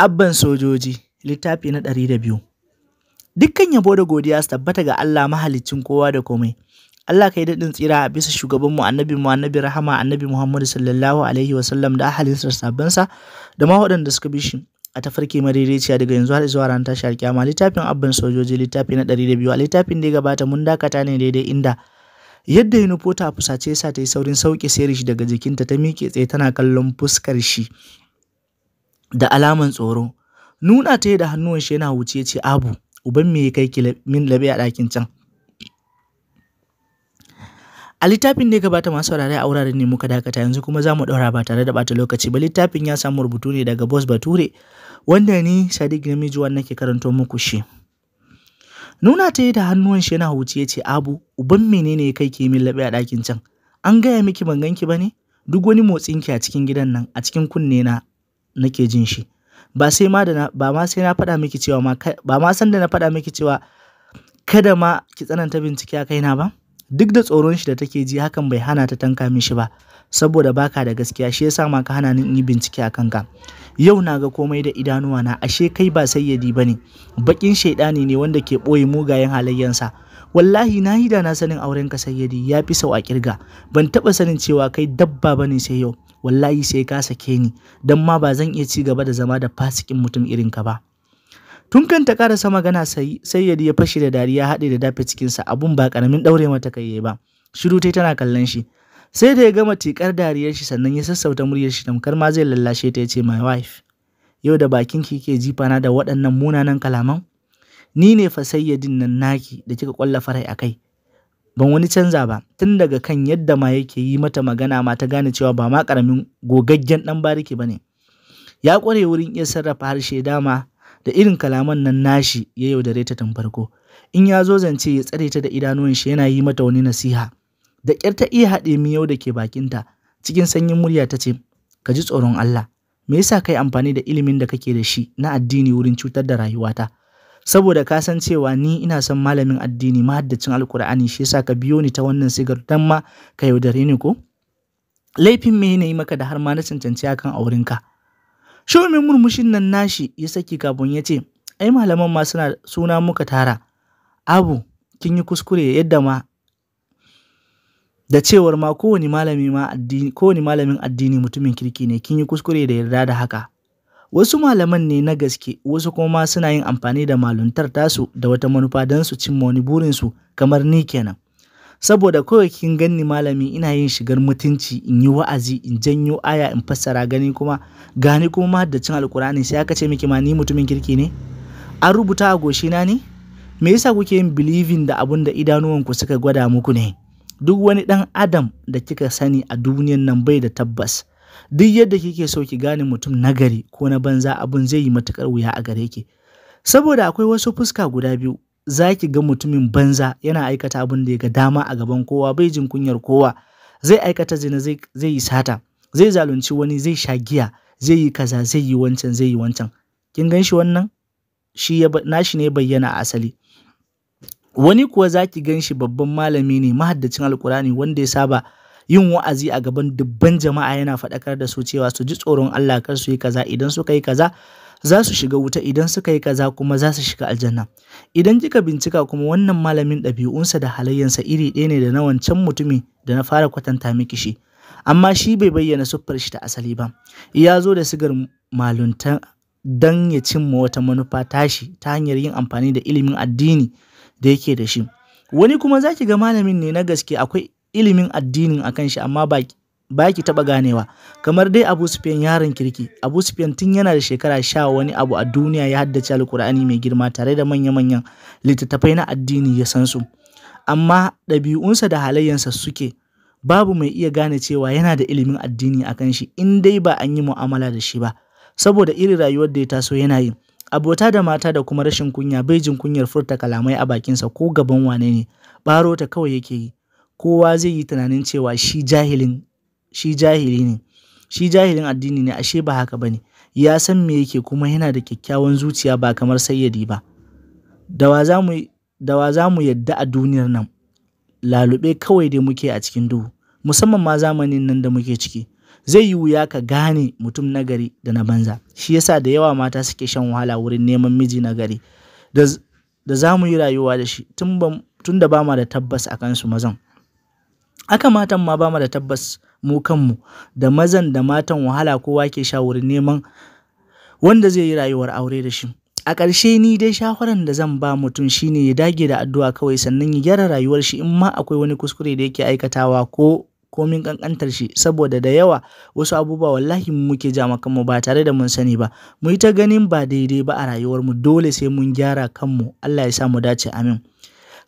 Abban Sojoji, littafi na ɗari da biyu. Dukkan yabo da godiya su tabbata ga Allah mahaliccin kowa da komai. Allah ka yi daɗin tsira a bisa shugabanmu annabi mu annabi rahama annabi Muhammadu sallallahu alaihi wasallam da ahalinsa sabbansa da ma waɗanda suka bi shi a tafarki madaidaiciya daga yanzu har zuwa ran tashar kyama littafin abban sojoji littafi na ɗari da biyu a littafin da ya gabata mun dakata ne daidai inda yadda ya nufo ta fusace sa ta yi saurin sauke sayar shi daga jikinta ta miƙe tsaye tana kallon fuskar shi da alaman tsoro. Nuna ta da da shi yana wuce ce, Abu, uban me ya kai ki min labe a ɗakin can? A littafin da ya gabata masu saurare a wuraren ne muka dakata yanzu kuma za mu ɗaura ba tare da ɓata lokaci ba littafin ya samu rubutu ne daga bos Bature wanda ni Sadiq Namiji wannan ke karanto muku shi. Nuna ta yi da hannuwan shi yana wuce ce Abu uban menene ya kai ki min labe a ɗakin can? An gaya miki ban ganki ba ne? Duk wani motsin ki a cikin gidan nan a cikin kunne na nake jin shi. Ba sai ma da ba ma sai na faɗa miki cewa ba ma san da na faɗa miki cewa kada ma ki tsananta bincike a kaina ba. Duk da tsoron shi da take ji hakan bai hana ta tanka mishi ba, saboda baka da gaskiya shi yasa ma ka hana ni in yi bincike a kanka. Yau na ga komai da idanuwa na ashe kai ba sayyadi bane ne, baƙin ne wanda ke ɓoye mugayen halayyansa. wallahi na yi da na sanin aurenka sayyadi ya fi sau a kirga ban taɓa sanin cewa kai dabba bane sai yau wallahi sai ka sake ni dan ma ba zan iya ci gaba da zama da fasikin mutum irin ka ba tun kan ta karasa magana sai sayyadi ya fashi da dariya haɗe da dafe cikin sa abun ba karamin ɗaure mata kai ba shiru tai tana kallon shi sai da ya gama tikar dariyar shi sannan ya sassauta muryar shi tamkar ma zai lallashe ta ya ce my wife yau da bakin ki ke jifana da waɗannan munanan kalaman ni ne fa sayyadin nan naki da kika kwalla farai akai? kai ban wani canza ba tun daga kan yadda ma yake yi mata magana ma ta gane cewa ba ma karamin gogaggen dan bariki bane ya kware wurin iya sarrafa harshe dama da irin kalaman nan nashi ya yaudare ta tun farko in ya zo zance ya tsare ta da idanuwan shi yana yi mata wani nasiha da ƙyar ta iya haɗe yau da ke bakinta cikin sanyin murya ta ce ka ji tsoron Allah me yasa kai amfani da ilimin da kake da shi na addini wurin cutar da rayuwata saboda ka san cewa ni ina son malamin addini mahaddacin alkur'ani shi yasa ka biyo ni ta wannan sigar dan ma ka yaudare ni ko laifin me ne maka da har ma na cancanci akan ka? shi mai murmushin nan nashi ya saki kafin ya ce ai malaman ma suna suna muka tara abu kin yi kuskure yadda ma da cewar ma kowane malami ma addini kowane malamin addini mutumin kirki ne kin yi kuskure da yarda da haka Wasu malaman ne na gaske, wasu kuma suna yin amfani da maluntar tasu da wata manufa don su cimma wani burinsu kamar ni kenan. Saboda kawai kin ganni malami ina yin shigar mutunci in yi wa'azi in janyo aya in fassara gani kuma gani kuma mahaddacin alkurani sai aka ce miki ma ni mutumin kirki ne? An rubuta a goshina ne? Me yasa kuke yin believing da abun da idanuwanku suka gwada muku ne? Duk wani ɗan adam da kika sani a duniyan nan bai da tabbas. duk yadda kike so ki gane mutum na gari ko na banza abun zai yi matukar wuya a gare ki saboda akwai wasu fuska guda biyu za ki ga mutumin banza yana aikata abin da ya ga dama a gaban kowa bai jin kunyar kowa zai aikata zina zai yi sata zai zalunci wani zai sha giya zai yi kaza zai yi wancan zai yi wancan kin gan shi wannan shi ya nashi ne bayyana a asali wani kuwa za ki gan babban malami ne mahaddacin alkurani wanda ya saba yin wa'azi a gaban dubban jama'a yana faɗakar da su cewa su ji tsoron Allah kar su yi kaza idan suka yi kaza za su shiga wuta idan suka yi kaza kuma za su shiga aljanna idan kika bincika kuma wannan malamin ɗabi'unsa da halayyansa iri ɗaya ne da na wancan mutumi da na fara kwatanta miki shi amma shi bai bayyana siffar shi ta asali ba ya zo da sigar malunta don ya cimma wata manufa tashi ta hanyar yin amfani da ilimin addini da yake da shi wani kuma zaki ga malamin ne na gaske akwai ilimin addinin a kanshi shi amma ba ki taɓa ganewa kamar dai abu sufiyan yaron kirki abu sufiyan tun yana da shekara sha wani abu a duniya ya haddace alkur'ani mai girma tare da manya-manyan littattafai na addini ya san su amma ɗabi'unsa da halayyansa suke babu mai iya gane cewa yana da ilimin addini a kanshi shi in dai ba an yi mu'amala da shi ba saboda irin rayuwar da ya taso yana yi abota da mata da kuma rashin kunya bai jin kunyar furta kalamai a bakinsa ko gaban wane ne baro ta kawai yake yi kowa zai yi tunanin cewa shi jahilin shi jahili ne shi jahilin addini ne ashe ba haka bane ya san me yake kuma yana da kyakkyawan zuciya ba kamar sayyadi ba da wa za mu yadda a duniyar nan lalube kawai dai muke a cikin duhu musamman ma zamanin nan da muke ciki zai yi wuya ka gane mutum nagari da na banza shi yasa da yawa mata suke shan wahala wurin neman miji na gari. da za mu yi rayuwa da shi tun da ba ma da tabbas a kansu mazan Haka matan ma ba mu da tabbas mu kanmu da mazan da matan wahala kowa ke sha wurin neman wanda zai yi rayuwar aure da shi. A ƙarshe ni dai shawaran da zan ba mutum shine ya dage da addu'a kawai sannan ya gyara rayuwar shi in ma akwai wani kuskure da yake aikatawa ko komin ƙanƙantar shi saboda da yawa wasu abubuwa wallahi mu muke ja kanmu ba tare da mun sani ba mu yi ta ganin ba daidai ba a rayuwarmu dole sai mun gyara kanmu Allah ya sa mu dace amin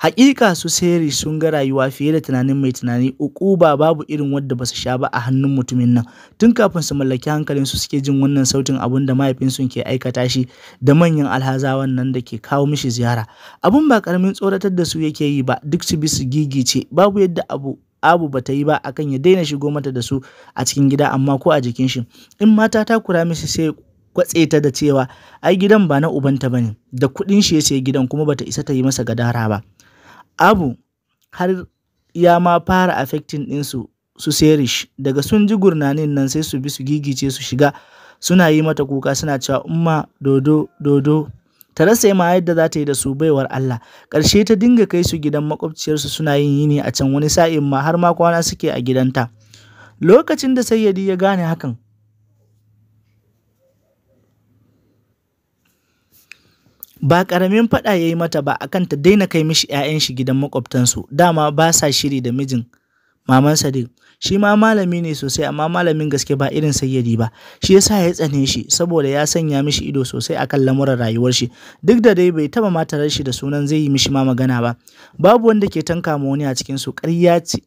Haƙiƙa su seri sun ga rayuwa fiye da tunanin mai tunani, uku ba babu irin wadda ba su sha ba a hannun mutumin nan. Tun kafin su mallaki hankalin su suke jin wannan sautin abun da mahaifinsu ke aikata shi da manyan alhazawan nan da ke kawo mishi ziyara. Abun ba karamin tsoratar da su yake yi ba, duk su bi su gigice, babu yadda abu Abu ba ta yi ba akan ya daina shigo mata da su a cikin gida amma ko a jikin shi. In mata ta kura mishi sai kwatse ta da cewa ai gidan ba na ubanta bane da kuɗin shi ya sayi gidan kuma bata isa ta yi masa gadara ba. Abu har ya ma fara affecting ɗinsu su serish. daga sun ji gurnanin nan sai su bi su gigice su shiga suna yi mata kuka suna cewa “Umma, Dodo, Dodo.” Ta rasa ma yadda za ta yi da su baiwar Allah, ƙarshe ta dinga kai su gidan maƙwabciyarsu suna yin yini a can wani sa'in ma har ma kwana suke a gidanta. Lokacin da Sayyadi ya gane hakan, ba karamin faɗa ya yi mata ba akan ta daina kai mishi 'ya'yan shi gidan makwabtansu dama ba sa shiri da mijin maman sadiq shi ma malami ne sosai amma malamin gaske ba irin sayyadi ba shi yasa ya tsane shi saboda ya sanya mishi ido sosai akan lamuran rayuwar shi duk da dai bai taba matarar shi da sunan zai yi mishi ma magana ba babu wanda ke tanka ma wani a cikin su ƙarya ce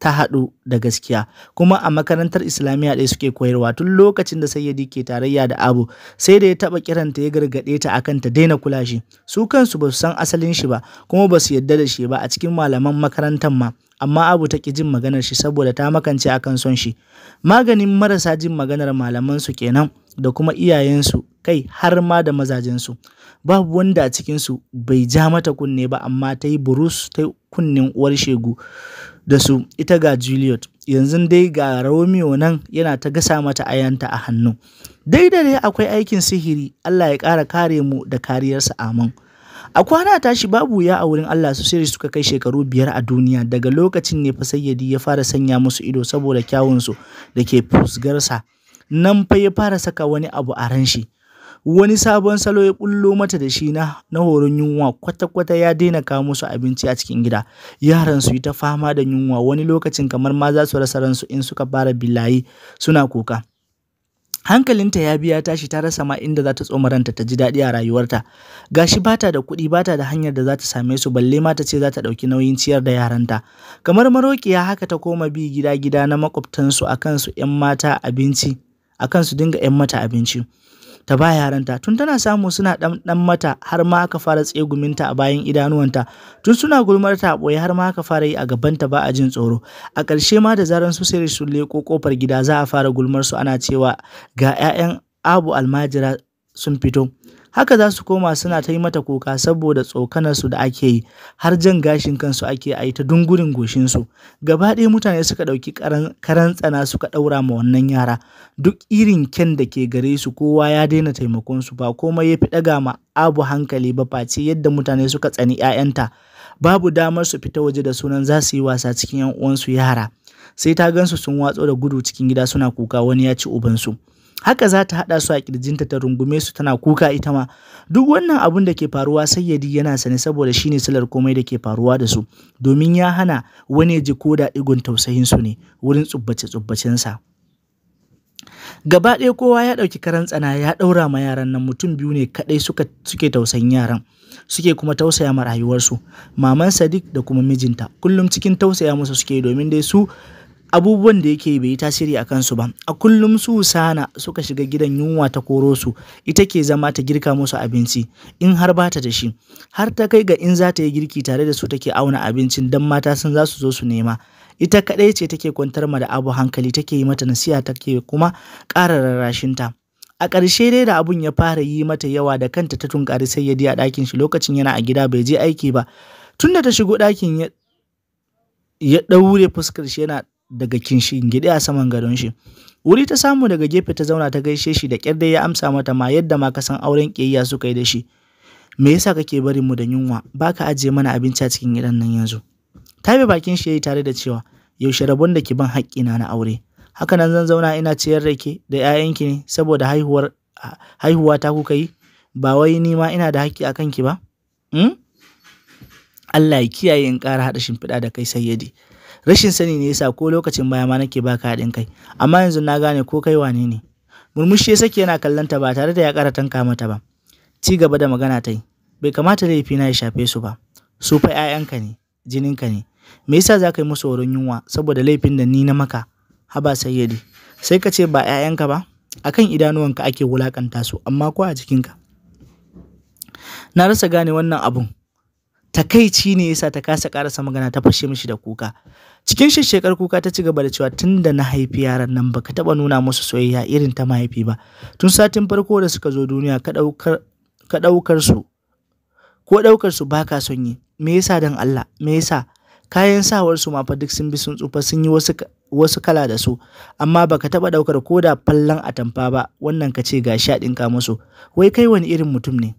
ta haɗu da gaskiya kuma a makarantar islamiyya ɗaya suke koyarwa tun lokacin da sayyadi ke tarayya da abu sai da ya taɓa kiranta ya gargaɗe ta akan ta daina kula shi su kansu ba su san asalin shi ba kuma ba su yadda da shi ba a cikin malaman makarantar ma amma abu ta ki jin maganar shi saboda ta makance akan son shi maganin marasa jin maganar malaman malamansu kenan da kuma iyayensu kai har ma da mazajensu babu wanda a cikinsu bai ja mata kunne ba amma ta yi burus ta kunnen uwar shegu da su ita ga Juliet yanzu dai ga Romeo nan yana ta gasa mata ayanta a hannu dai da dai akwai aikin sihiri Allah ya ƙara kare mu da kariyarsa amin a kwana tashi babu ya a wurin Allah su sai suka kai shekaru biyar a duniya daga lokacin ne fa sayyadi ya fara sanya musu ido saboda kyawunsu da ke fusgarsa nan fa ya fara saka wani abu a ran shi wani sabon salo ya bullo mata da shi na horon yunwa kwata-kwata ya daina kawo musu abinci a cikin gida yaran su yi ta fama da yunwa wani lokacin kamar ma za su rasa ransu in suka fara bilayi suna kuka hankalinta ya biya tashi ta rasa ma inda za ta tsoma ranta ta ji daɗi a rayuwarta gashi bata da kuɗi bata da hanyar da za ta same su balle ma ta ce za ta ɗauki nauyin ciyar da yaranta kamar ya haka ta koma bi gida gida na makwabtansu akan su 'yan mata abinci akan su dinga 'yan mata abinci ta ba yaranta tun tana samu suna ɗan mata har ma aka fara tseguminta a bayan idanuwanta tun suna gulmar ta boye har ma aka fara yi a gabanta ba a jin tsoro a ƙarshe ma da zaran su sai su leko kofar gida za a fara gulmar su ana cewa ga 'ya'yan abu almajira sun fito haka za su koma suna ta yi mata kuka saboda tsokanarsu da ake yi har jan gashin kansu ake a yi ta dungurin goshinsu gaba ɗaya mutane suka ɗauki karan tsana suka ɗaura ma wannan yara duk irin ken da ke gare su kowa ya daina taimakonsu ba komai ya fi ɗaga ma abu hankali ba face yadda mutane suka tsani 'ya'yanta babu damar su fita waje da sunan za su yi wasa cikin 'yan uwansu yara sai ta gansu sun watso da gudu cikin gida suna kuka wani ya ci ubansu haka za ta haɗa su a ƙirjinta ta rungume su tana kuka ita ma duk wannan abun da ke faruwa sayyadi yana sane saboda shine silar komai da ke faruwa da su domin ya hana wani ji ko da ɗigon tausayin su ne wurin tsubbace tsubbacensa gaba ɗaya kowa ya ɗauki karan tsana ya ɗaura ma yaran nan mutum biyu ne kaɗai suke tausayin yaran suke kuma tausaya ma rayuwarsu maman sadiq da kuma mijinta kullum cikin tausaya musu suke domin dai su abubuwan da yake bai yi tasiri a kansu ba a kullum su sana suka shiga gidan yunwa ta koro su ita ke zama ta girka musu abinci in har ba ta da shi har ta kai ga in za ta yi girki tare da su take auna abincin dan mata sun za su zo su nema ita kadai ce take kwantar ma da abu hankali take yi mata nasiha take kuma ƙara rarrashinta a ƙarshe dai da abun ya fara yi mata yawa da kanta ta tunkari sai ya a ɗakin shi lokacin yana a gida bai je aiki ba tunda ta shigo ɗakin ya ɗaure fuskar shi yana daga gidi a saman gadon shi. Wuri ta samu daga gefe ta zauna ta gaishe shi da ƙyar dai ya amsa mata ma yadda ma ka san auren ƙiyayya suka yi da shi. Me yasa kake barin mu da yunwa? Ba ka ajiye mana abinci a cikin gidan nan yanzu. Ta bi bakin shi yayi tare da cewa yaushe rabon da ki ban haƙƙi na na aure. Haka nan zan zauna ina ciyar da ke da 'ya'yanki ne saboda haihuwar haihuwa ta kuka yi ba wai ni ma ina da haƙƙi a kanki ba? Hmm? Allah ya kiyaye in ƙara haɗa shimfiɗa da kai sayyadi. rashin sani ne yasa ko lokacin baya ma nake baka haɗin kai amma yanzu na gane ko kai wane ne murmushi ya sake yana kallon ta ba tare da ya ƙara tanka mata ba ci gaba da magana ta yi bai kamata laifi na ya shafe su ba su fa 'ya'yanka ne jininka ne me yasa za ka yi musu horon yunwa saboda laifin da ni na maka haba sayyadi sai ka ce ba 'ya'yanka ba akan idanuwanka ake wulakanta su amma ko a jikinka na rasa gane wannan abun takaici ne yasa ta kasa karasa magana ta fashe mishi da kuka Cikin shekar kuka ta ci gaba da cewa tun da na haifi yaran nan baka taba nuna musu soyayya irin ta mahaifi ba. Tun satin farko da suka zo duniya ka ɗaukar su ko ɗaukar su baka son yi. Me yasa dan Allah? Me yasa? Kayan sawar su ma fa duk sun bi sun tsufa sun yi wasu wasu kala da su amma baka taba ɗaukar ko da fallan atamfa ba wannan ka ce ga shaɗin ɗinka musu wai kai wani irin mutum ne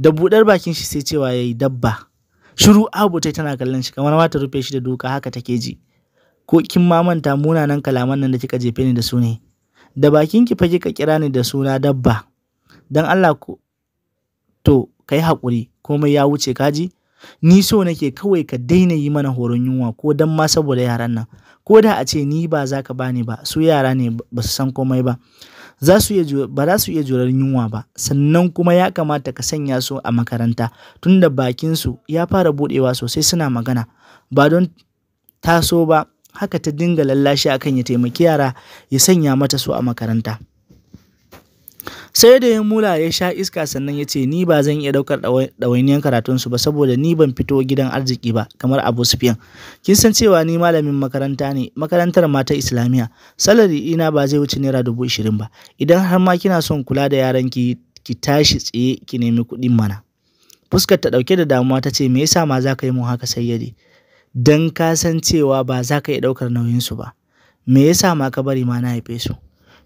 da buɗar bakin shi sai cewa yayi dabba shiru abu tai tana kallon shi kamar ma rufe shi da duka haka take ji ko kin ma manta munanan kalaman nan da kika jefe ni da su ne da bakin ki fa kika kira ni da suna dabba dan Allah ko to kai hakuri komai ya wuce kaji ni so nake kawai ka daina yi mana horon yunwa ko dan ma saboda yaran nan ko da a ce ni ba za ka bani ba su yara ne ba su san komai ba za su iya ba za su iya jurar yunwa ba sannan kuma ya kamata ka sanya su a makaranta tunda bakin su ya fara budewa sosai suna magana ba don taso ba haka ta dinga lallashi akan ya taimaki yara ya sanya mata su a makaranta sai da ya mula ya sha iska sannan ya ce ni ba zan iya ɗaukar ɗawainiyar karatunsu ba saboda ni ban fito gidan arziki ba kamar abu sufiyan kin san cewa ni malamin makaranta ne makarantar mata islamiyya salari ina ba zai wuce naira dubu ishirin ba idan har ma kina son kula da yaran ki ki tashi tsaye ki nemi kuɗin mana fuskar ta ɗauke da damuwa ta ce me yasa ma za ka yi mun haka sayyade dan ka san cewa ba za ka iya ɗaukar nauyinsu ba me yasa ma ka bari ma na haife su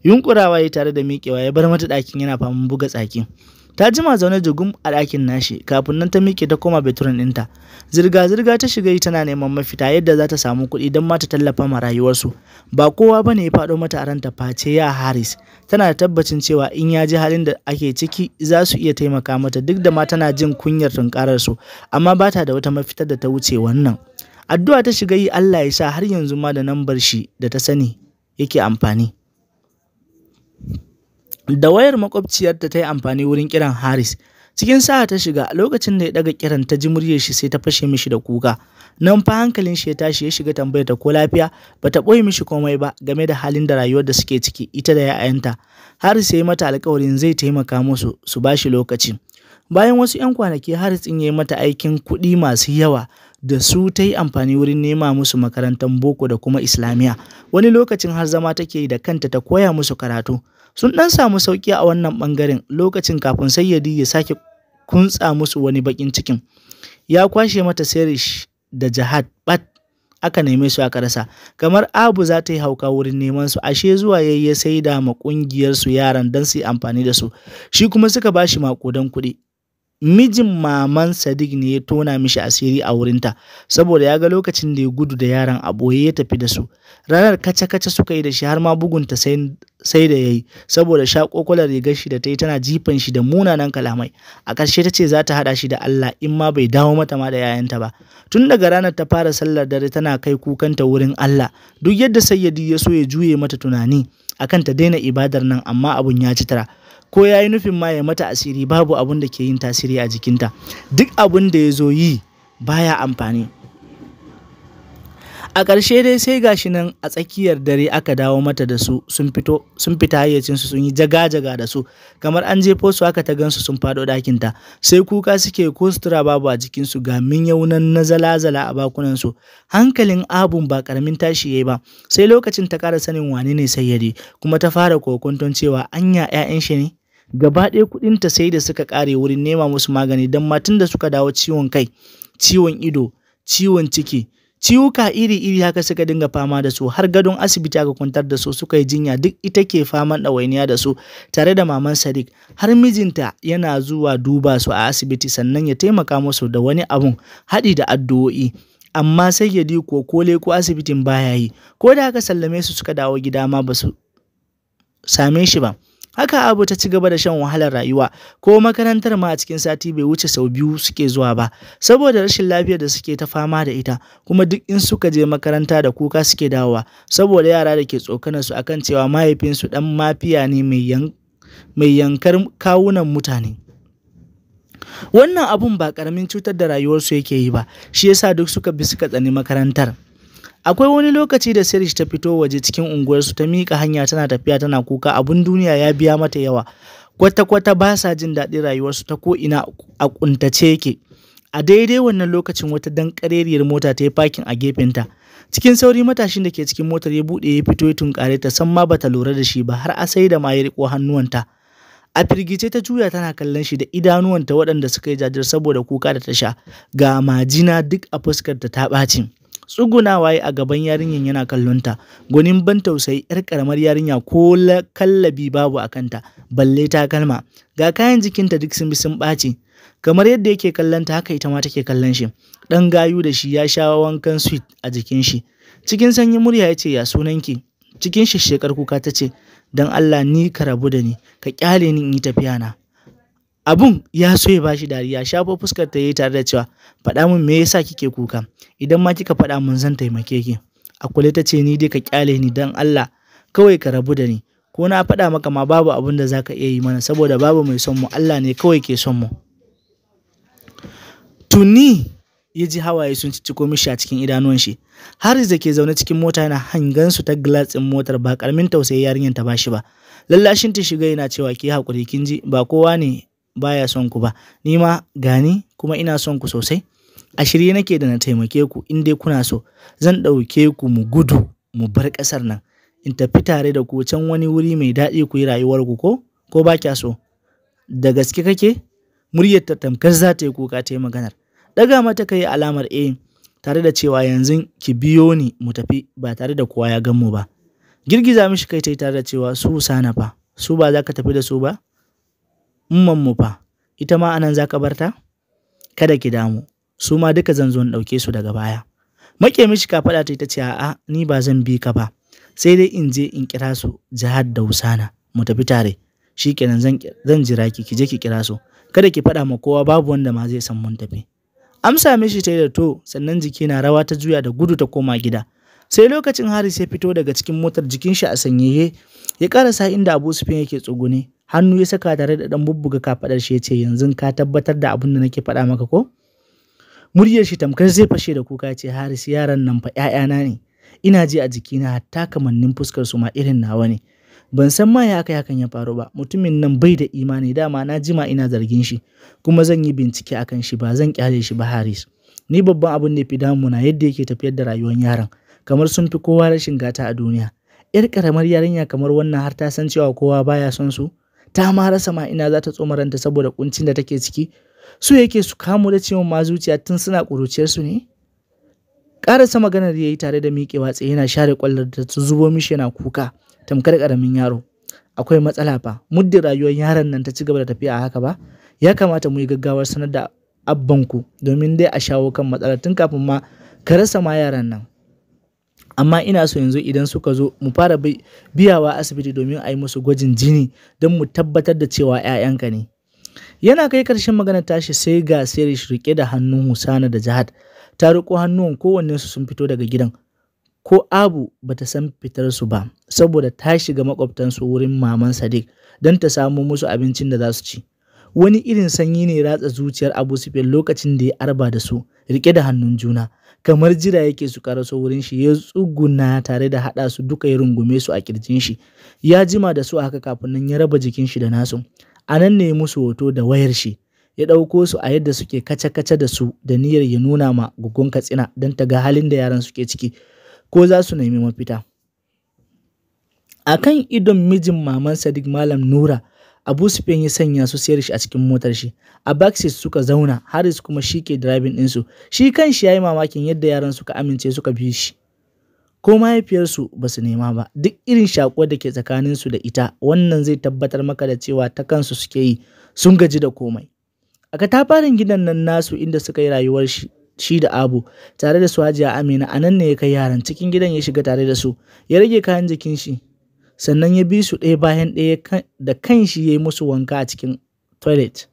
yunkurawa ya tare da miƙewa ya bar mata ɗakin yana faman buga tsaki ta jima zaune jugum a ɗakin nashi kafin nan ta miƙe ta koma beturin ɗinta zirga-zirga ta shiga yi tana neman mafita yadda za ta samu kuɗi don mata tallafa ma rayuwarsu ba kowa ba ne ya faɗo mata a ranta face ya haris tana da tabbacin cewa in ya ji halin da ake ciki za su iya taimaka mata duk da ma tana jin kunyar tunkarar amma ba ta da wata mafita da ta wuce wannan addu'a ta shiga yi Allah ya sa har yanzu ma da nambar shi da ta sani yake amfani Da wayar makwabciyarta ta yi amfani wurin kiran Harris. cikin sa'a ta shiga lokacin da ya daga kiran ta ji muryar shi sai ta fashe mishi da kuka. Nan fa hankalin shi ya tashi ya shiga tambayar ta ko lafiya bata ɓoye mishi komai ba game da halin da rayuwar da suke ciki ita da ya'yanta. Harris ya yi mata alkawarin zai taimaka musu su ba shi lokaci. Bayan wasu 'yan kwanaki Harris ɗin ya yi mata aikin kuɗi masu yawa da su ta yi amfani wurin nema musu makarantar boko da kuma islamiyya wani lokacin har zama take da kanta ta koya musu karatu sun ɗan samu sauki a wannan bangaren lokacin kafin sayyadi ya sake kuntsa musu wani bakin cikin ya kwashe mata serish da jihad bat aka neme su aka rasa kamar abu za ta yi hauka wurin neman su ashe zuwa yayi ya saida ma kungiyar su yaran dan su yi amfani da su shi kuma suka bashi makudan kuɗi mijin maman Sadiq ne ya tona mishi asiri a wurinta saboda ya ga lokacin da ya gudu da yaran a boye ya tafi da su. Ranar kace kaca suka yi da shi har ma bugunta sai da yayi yi saboda shakokolar rigar shi da ta yi tana jifan shi da munanan kalamai. A ƙarshe ta ce za ta haɗa shi da Allah in ma bai dawo mata ma da 'ya'yanta ba. Tun daga ranar ta fara sallar dare tana kai kukanta wurin Allah duk yadda Sayyadi ya so ya juye mata tunani akan ta daina ibadar nan amma abun ya ci tara. ko ya yi nufin ma ya mata asiri babu abun da ke yin tasiri a jikinta duk abun da ya zo yi baya amfani a ƙarshe dai sai gashi nan a tsakiyar dare aka dawo mata da su sun fito sun fita hayyacinsu sun yi jaga-jaga da su kamar an jefo su aka ta gansu sun faɗo ɗakinta sai kuka suke ko sutura babu a jikinsu ga minyaunan na zala-zala a bakunansu hankalin abun ba karamin tashi yayi ba sai lokacin ta ƙara sanin wane ne sayyadi kuma ta fara kokonton cewa anya 'ya'yan shi ne gaba ɗaya kuɗinta sai da suka ƙare wurin nema musu magani don matun da suka dawo ciwon kai ciwon ido ciwon ciki ciwuka iri-iri haka suka dinga fama da su har gadon asibiti aka kwantar da su suka yi jinya duk ita ke faman ɗawainiya da su tare da maman sadiq har mijinta yana zuwa duba su a asibiti sannan ya taimaka musu da wani abun haɗi da addu'o'i amma sai ya ko kole ko asibitin baya yi ko da aka sallame su suka dawo gida ma ba su same shi ba Haka Abu ta ci gaba da shan wahalar rayuwa, ko makarantar ma a cikin sati bai wuce sau biyu suke zuwa ba, saboda rashin lafiyar da suke ta fama da ita, kuma duk in suka je makaranta da kuka suke dawowa, saboda yara da ke tsokanar su akan cewa mahaifinsu ɗan mafiya ne mai yankar kawunan mutane. Wannan abun ba ƙaramin cutar da rayuwarsu yake yi ba, shi yasa duk suka bi suka tsani makarantar. Akwai wani lokaci da Serge ta fito waje cikin unguwarsu ta miƙa hanya tana tafiya tana kuka abun duniya ya biya mata yawa. Kwata-kwata ba sa jin daɗin rayuwarsu ta ko ina a ƙuntace yake. A daidai wannan lokacin wata dan ƙarerriyar mota ta yi fakin a gefenta. Cikin sauri matashin da ke cikin motar ya buɗe ya fito ya tunkare ta san ma bata lura da shi ba har a sai da ma ya hannuwanta. A firgice ta juya tana kallon shi da idanuwanta waɗanda suka yi jajir saboda kuka da ta sha, ga majina duk a fuskarta ta ɓaci. Tsuguna waye a gaban yarinyar yana kallonta gwanin ban tausayi yar karamar yarinya ko kallabi babu a kanta balle takalma ga kayan jikinta duk sun bi sun ɓaci kamar yadda yake kallon ta haka ita ma take kallon shi dan gayu da shi ya sha wankan sweet a jikin shi cikin sanyi murya yace ya sunanki cikin shekar kuka ta ce don Allah ni ka rabu da ni ka kyale ni in yi tafiya na abun ya so ya bashi dariya shafo fuskar ta yi tare da cewa faɗa min me yasa kike kuka idan ma kika faɗa min zan taimake ki akule ta ce ni dai ka kyale ni dan Allah kawai ka rabu da ni ko na faɗa maka ma babu abun da zaka iya yi mana saboda babu mai son mu Allah ne kawai ke son mu tuni ya ji hawaye sun ci ciko mishi a cikin idanuwan shi har da ke zaune cikin mota yana hangan su ta glass din motar ba karamin tausayi yarinyar ta bashi ba lallashin ta shiga yana cewa ki hakuri kin ji ba kowa ne baya son ku ba ni ma gani kuma ina son ku sosai a shirye nake da na taimake ku in dai kuna so zan ɗauke ku mu gudu mu bar ƙasar nan in tafi tare da ku can wani wuri mai daɗi ku yi ku ko ko ba kya so da gaske kake muryar ta tamkar za ta yi kuka ta yi maganar ɗaga mata ka yi alamar e tare da cewa yanzu ki biyo ni mu tafi ba tare da kowa ya gan mu ba girgiza mishi kai ta yi tare da cewa su sana fa su ba za ka tafi da su ba umman mu fa ita ma anan zaka barta kada ki damu su ma duka zan zo in ɗauke su daga baya make mishi ka faɗa ta ita ce a'a ni ba zan bi ka ba sai dai in je in kira su jihar da usana mu tafi tare Shi zan zan jira ki ki je ki kira su kada ki faɗa ma kowa babu wanda ma zai san mun tafi amsa mishi ta da to sannan jiki na rawa ta juya da gudu ta koma gida sai lokacin haris ya fito daga cikin motar jikin shi a sanyaye ya karasa inda abu sufin yake tsugune hannu ya saka tare da ɗan bubbuga kafaɗar shi ya ce yanzu ka tabbatar da abin da nake faɗa maka ko muryar shi tamkar zai fashe da kuka ce haris yaran nan fa ƴaƴana ne ina ji a jikina hatta kamannin fuskar su ma irin nawa ne ban san ma ya aka hakan ya faru ba mutumin nan bai da imani dama na jima ina zargin shi kuma zan yi bincike akan shi ba zan kyale shi ba haris ni babban abin ne fi na yadda yake tafiyar da rayuwar yaron kamar sun fi kowa rashin gata a duniya yar karamar yarinya kamar wannan har ta san cewa kowa baya son su ta ma rasa ma ina za ta tsoma ranta saboda kuncin da take ciki su yake su kamo da ciwon ma zuciya tun suna ƙuruciyarsu ne ƙarasa maganar ya yi tare da miƙewa tsaye yana share ƙwallar da ta zubo mishi yana kuka tamkar ƙaramin yaro akwai matsala fa muddin rayuwar yaran nan ta ci gaba da tafiya a haka ba ya kamata mu yi gaggawar sanar da abbanku domin dai a shawo kan matsalar tun kafin ma ka rasa ma yaran nan amma ina so yanzu idan suka zo mu fara biyawa asibiti domin a yi musu gwajin jini don mu tabbatar da cewa 'ya'yanka ne yana kai karshen magana tashi sai ga sai rike da hannun husana da jihad ta riko hannuwan kowannensu sun fito daga gidan ko abu ba ta san fitar su ba saboda ta shiga makwabtansu wurin maman sadiq don ta samo musu abincin da za su ci wani irin sanyi ne ratsa zuciyar abu sufyan lokacin da ya arba da su rike da hannun juna kamar jira yake su karaso wurin shi ya tsuguna tare da haɗa su duka ya rungume su a kirjin shi ya jima da su a haka kafin nan ya raba jikin shi da nasu a nan ne musu hoto da wayar shi ya ɗauko su a yadda suke kace-kace da su da niyyar ya nuna ma gugun katsina don ta ga halin da yaran suke ciki ko za su nemi mafita akan idon mijin maman sadiq malam nura Abu Sufyan ya sanya su sayar shi a cikin motar shi. A backseat suka zauna, Haris kuma shi ke driving su Shi kanshi ya yi mamakin yadda yaran suka amince suka bi shi. Ko mahaifiyarsu ba su nema ba, duk irin shakuwar da ke tsakanin su da ita, wannan zai tabbatar maka da cewa ta kansu suke yi, sun gaji da komai. A katafaren gidan nan nasu inda suka yi rayuwar shi, shi da Abu tare da su Hajiya Amina a nan ne ya kai yaran cikin gidan ya shiga tare da su ya rage kayan jikin shi sannan ya bi su ɗaya bayan ɗaya da kanshi ya yi musu wanka a cikin toilet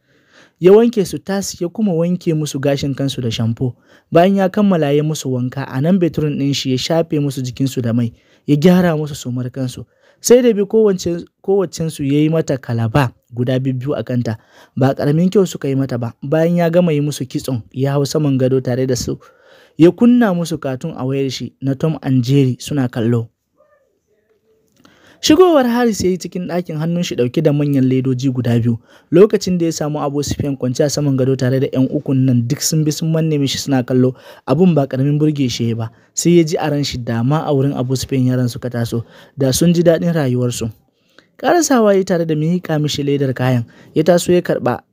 ya wanke su tas ya kuma wanke musu gashin kansu da shampo bayan ya kammala ya musu wanka a nan beturin ɗin shi ya shafe musu jikinsu da mai ya gyara musu sumar kansu sai da bi su ya yi mata kalaba guda biyu a kanta ba karamin kyau suka yi mata ba bayan ya gama yi musu kitson ya hau saman gado tare da su ya kunna musu katun a wayar shi na Tom and Jerry suna kallo. Shigowar Haris ya yi cikin ɗakin hannun shi ɗauke da manyan ledoji guda biyu. Lokacin da ya samu Abu Sufyan kwance a saman gado tare da 'yan ukun nan duk sun bi sun manne mishi suna kallo. Abun ba ƙaramin burge shi ba. Sai ya ji a ran shi dama a wurin Abu Sufyan yaran suka taso da sun ji daɗin rayuwarsu. Karasawa ya tare da miƙa mishi ledar kayan. Ya taso ya karɓa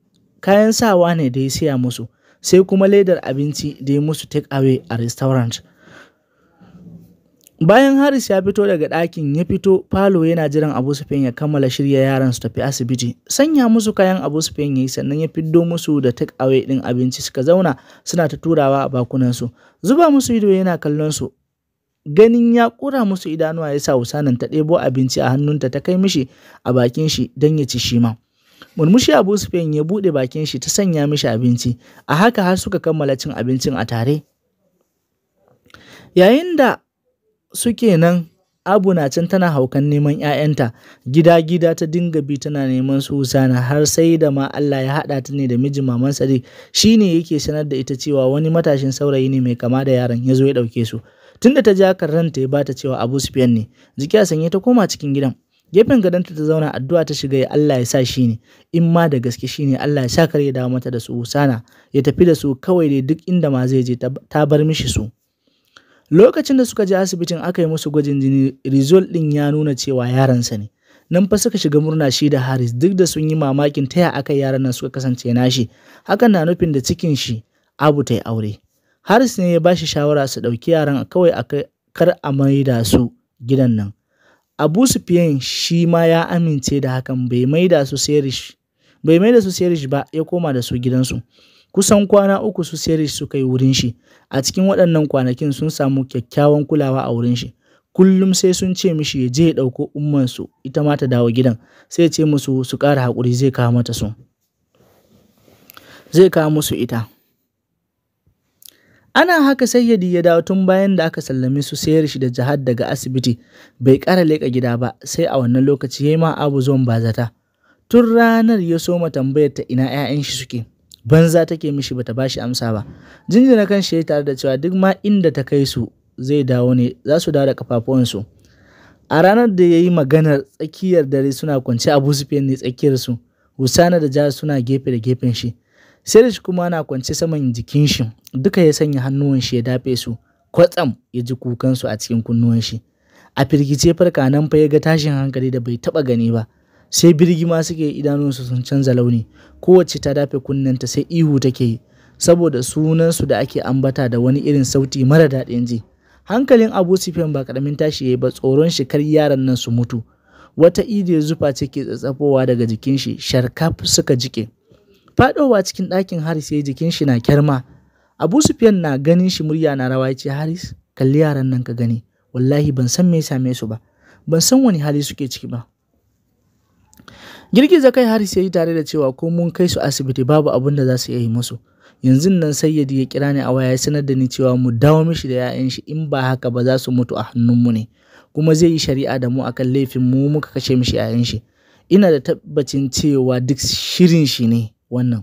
kayan sawa ne da ya siya musu. Sai kuma ledar abinci da ya musu take away a restaurant. Bayan Haris ya fito daga ɗakin ya fito falo yana jiran Abu Sufyan ya kammala shirya yaran su tafi asibiti. Sanya musu kayan Abu Sufyan yayi sannan ya fiddo musu da take away din abinci suka zauna suna ta turawa a bakunan su. Zuba musu ido yana kallon su. Ganin ya kura musu idanuwa ya sa Usanan ta ɗebo abinci a hannunta ta kai mishi a bakin shi don ya ci shi ma. Murmushi Abu Sufyan ya buɗe bakin shi ta sanya mishi abinci. A haka har suka kammala cin abincin a tare. Yayin da suke nan! Abu na can tana haukan neman ‘ya'yanta, gida-gida ta dinga bi tana neman su Husana har sai da ma Allah ya haɗa ta ne da mijin maman sadi. shine yake sanar da ita cewa wani matashin saurayi ne mai kama da yaron ya zo ya ɗauke su. Tunda ta ja kan ranta ya bata cewa Abu sufiyan ne, jiki a sanye ta koma cikin gidan. Gefen gadonta ta zauna addu'a ta shiga ya Allah ya sa shi ne, in ma da gaske shi ne Allah ya sa kar ya dawo mata da su Husana, ya tafi da su kawai dai duk inda ma zai je ta bar mishi su. lokacin da suka je asibitin aka yi musu gwajin jini result din ya nuna cewa yaransa ne nan fa suka shiga murna shi da Haris duk da sun yi mamakin taya aka yaran nan suka kasance nashi hakan na nufin da cikin shi Abu ta yi aure Haris ne ya ba shi shawara su ɗauki yaran kawai a kar a mai da su gidan nan Abu Sufyan shi ma ya amince da hakan bai mai su Serish bai da su Serish ba ya koma da su gidansu Kusan kwana uku su Series suka yi wurin shi, a cikin waɗannan kwanakin sun samu kyakkyawan kulawa a wurin shi. Kullum sai sun ce mishi ya je ya ɗauko su ita ma ta dawo gidan, sai ce musu su ƙara haƙuri zai kawo mata su. Zai kawo musu ita. Ana haka Sayyadi ya dawo tun bayan da aka sallame su sayar shi da jihad daga asibiti, bai ƙara leƙa gida ba sai a wannan lokaci ya yi ma abu zuwan bazata. Tun ranar ya soma tambayar ta ina 'ya'yan shi suke. banza take mishi bata bashi amsa ba jinjina kan shi tare da cewa duk ma inda ta kai su zai dawo ne za su dawo da su. a ranar da ya yi maganar tsakiyar dare suna kwance abu sufiyan ne tsakiyar su husana da jihar suna gefe da gefen shi sirish kuma na kwance saman jikin shi duka ya sanya hannuwan shi ya dafe su kwatsam ya ji kukansu a cikin kunnuwan shi a firgice farka nan fa ya ga tashin hankali da bai taba gani ba sai birgima suke idanunsu sun canza launi kowace ta dafe kunnenta sai ihu take yi saboda sunansu da ake ambata da wani irin sauti mara daɗin ji hankalin abu sufyan ba karamin tashi ya ba tsoron shi kar yaran nan su mutu wata ya zufa ce ke tsatsafowa daga jikin shi sharkaf suka jike faɗowa cikin ɗakin haris ya jikin shi na kyarma abu sufyan na ganin shi murya na rawa ya ce haris kalli yaran nan ka gani wallahi ban san me ya same su ba ban san wani hali suke ciki ba girgiza kai haris ya yi tare da cewa ko mun kai su asibiti babu abin da za su iya yi musu yanzu nan sayyadi ya kira ni a waya ya sanar da ni cewa mu dawo mishi da 'ya'yan shi in ba haka ba za su mutu a hannunmu ne kuma zai yi shari'a da mu akan laifin mu muka kashe mishi 'ya'yan shi ina da tabbacin cewa duk shirin shi ne wannan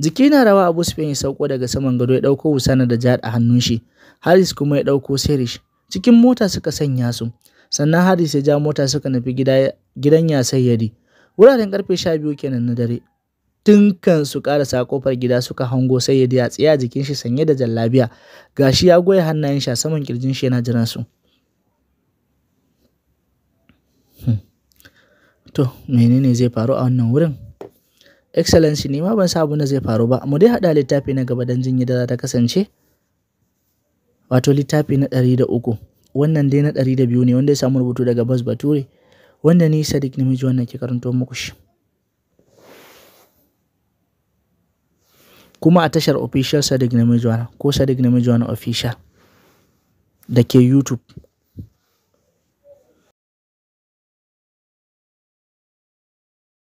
jiki na rawa abu spain ya sauko daga saman gado ya dauko wusana da jihar a hannun shi haris kuma ya dauko serish cikin mota suka sanya su sannan haris ya ja mota suka nufi gidan ya sayyadi wuraren karfe sha biyu kenan na dare Tun kan su karasa kofar gida suka hango sai ya diya tsaye a jikin shi sanye da jallabiya gashi ya goya hannayen shi a saman kirjin shi yana jiran su hmm. to menene zai faru a wannan wurin excellency ne ma ban sa abu na zai faru ba mu dai hada littafi na gaba dan jin yadda ta kasance wato littafi na ɗari da wannan dai na ɗari biyu ne wanda ya samu rubutu daga bas bature wanda ni Sadiq namiji wannan ke karanto muku shi kuma a tashar official Sadiq namiji ko Sadiq namiji official da ke YouTube